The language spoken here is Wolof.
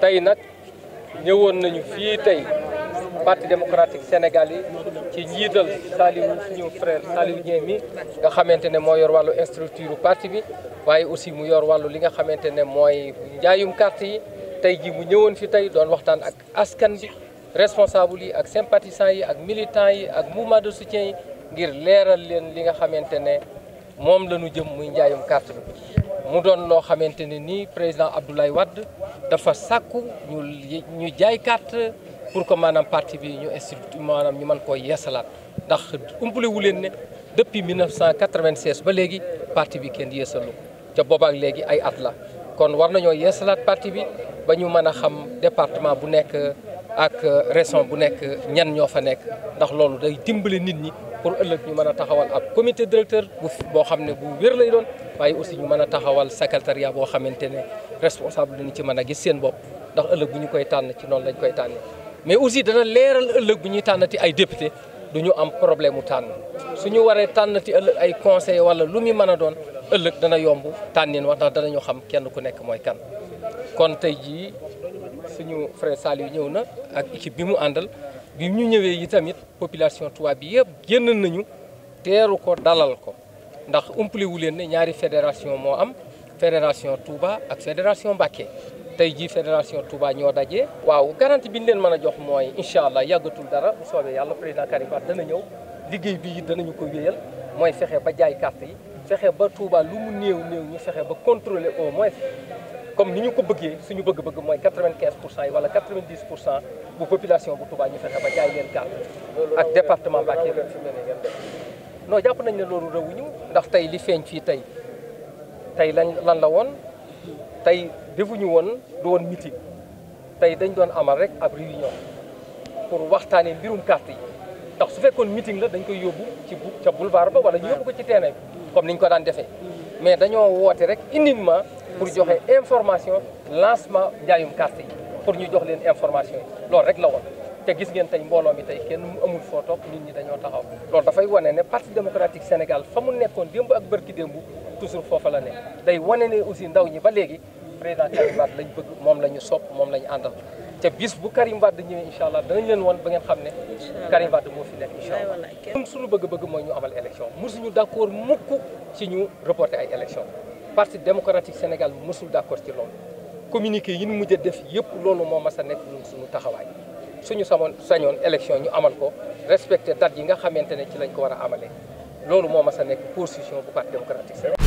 tey nag ñëwoon nañu fii tey parti démocratique Sénégal yi ci njiital Saliou suñu frère Saliou Dieng mi nga xamante ne moo yor wàllu structure parti bi waaye aussi mu yor wàllu li nga xamante ne mooy njaayum carte yi tey ji mu ñëwoon fi tey doon waxtaan ak askan bi responsable yi ak sympathisants yi ak militants yi ak mouvement de soutien yi ngir leeral leen li nga xamante ne moom la jëm muy njaayum carte bi mu doon loo xamante ne nii président Abdoulaye Wade dafa sàkku ñu ñu jaay carte pour que maanaam parti bi ñu institut maanaam ñu mën koo yeesalaat ndax umpale wu leen ne depuis 1996 ba léegi parti bi kenn yeesalu ca boobaak léegi ay at la kon war nañoo yeesalaat parti bi ba ñu mën a xam département bu nekk. ak euh, région bu nekk ñan ñoo fa nekk ndax loolu day dimbale nit ñi pour ëllëg ñu mën a taxawal ab comité directeur bu boo xam ne bu wér lay doon waaye aussi ñu mën a taxawal secrétariat boo xamante ne responsable dañu ci mën a gis seen bopp ndax ëllëg bu ñu koy tànn ci noonu lañ koy tànnee mais aussi dana leeral ëllëg bu ñuy tànnati ay député du ñu am problème mu tànn su ñu waree tànnati ëllëg ay conseil wala lu muy mën a doon ëllëg dana yomb tànnin wax ndax danañu xam kenn ku nekk mooy kan suñu frère Saliou ñëw na ak équipe bi mu àndal bi ñu ñëwee yi tamit population tubaab bi yëpp génn nañu teeru ko dalal ko ndax umpale wu leen ne ñaari fédération moo am fédération Touba ak fédération Mbacké tey jii fédération Touba ñoo daje. waaw garantie bi ñu leen mën a jox mooy incha allah yàggatul dara bu soobee yàlla président Karim Wade dana ñëw liggéey bi danañu ko wéyal mooy fexe ba jaay carte yi fexe ba Touba lu mu néew néew ñu fexe ba contrôler au moins. comme ni ñu ko bëggee suñu bëgg-bëgg mooy quatre-vingt-quinze pour cent yi wala quatre-vingt-dix pour cent bu population bu Touba ñu fexe jàpp nañ ne loolu rëwuñu ndax tey li feeñ fii tey tey lañ lan la woon tey defuñu woon du woon tey dañ doon amal rek ab réunion pour waxtaanee mbirum carte yi ndax su fekkoon meeting la dañ koy yóbbu ci ca boulevard ba wala ñu ko ci terrain bi comme niñ ko daan defee mm-hmm. mais dañoo woote rek uniquement pour joxe information lancement njaayum carte yi pour ñu jox leen information yi loolu rek la woon te gis ngeen tey mbooloo mi tey kenn amul foo toog nit ñi dañoo taxaw loolu dafay wane ne parti démocratique Sénégal fa mu nekkoon démb ak bërki démb toujours foofa la ne day wane ne aussi ndaw ñi ba léegi président Karim Wade lañ bëgg moom la ñu sopp moom lañu ñu àndal te bis bu Karim Wade ñëwee incha allah danañ leen woon ba ngeen xam ne Karim Wade moo fi nekk incha allah suñu bëgg-bëgg mooy ñu amal élection mosuñu d'accord mukk ci ñu reporter ay élection parti démocratique Sénégal mësul d'accord ci loolu communiqué yi ñu mujj a def yëpp loolu moo mas a nekk suñu taxawaay suñu samoon sañoon élection ñu amal ko respecte date yi nga xamante ne ci lañ ko war a amalee loolu moo mas a nekk position bu parti démocratique Sénégal